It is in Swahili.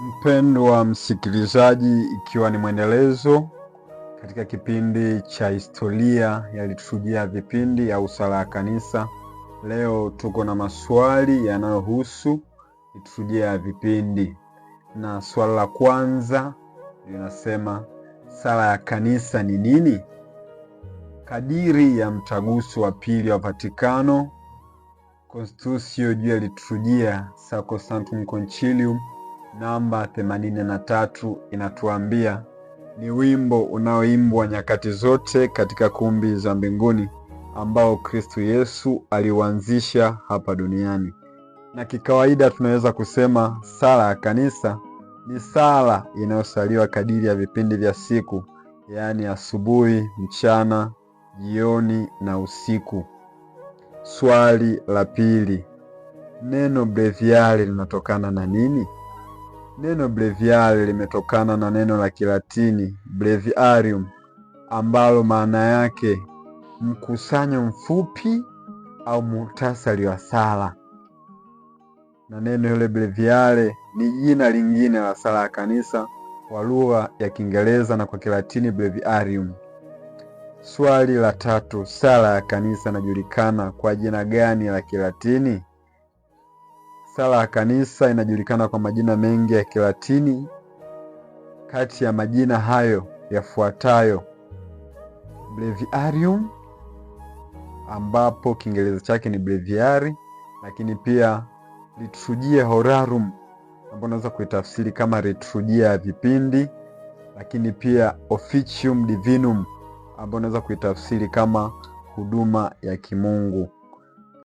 Mpendwa msikilizaji, ikiwa ni mwendelezo katika kipindi cha historia yalitushuhudia vipindi au sala ya kanisa, leo tuko na maswali yanayohusu liturujia ya vipindi, na swala la kwanza linasema sala ya kanisa ni nini? Kadiri ya mtaguso wa pili wa Vatikano, Constitutio juu ya liturujia Sacrosanctum Concilium namba 83 inatuambia ni wimbo unaoimbwa nyakati zote katika kumbi za mbinguni ambao Kristo Yesu aliuanzisha hapa duniani. Na kikawaida tunaweza kusema sala ya kanisa ni sala inayosaliwa kadiri ya vipindi vya siku, yaani asubuhi, mchana, jioni na usiku. Swali la pili, neno breviari linatokana na nini? Neno breviary limetokana na neno la Kilatini breviarium ambalo maana yake mkusanyo mfupi au muhtasari wa sala, na neno hilo breviary ni jina lingine la sala ya kanisa kwa lugha ya Kiingereza na kwa Kilatini breviarium. Swali la tatu, sala ya kanisa inajulikana kwa jina gani la Kilatini? Sala ya Kanisa inajulikana kwa majina mengi ya Kilatini. Kati ya majina hayo yafuatayo breviarium, ambapo Kiingereza chake ni breviary, lakini pia liturujia horarum, ambapo unaweza kuitafsiri kama liturujia ya vipindi, lakini pia officium divinum, ambapo unaweza kuitafsiri kama huduma ya kimungu.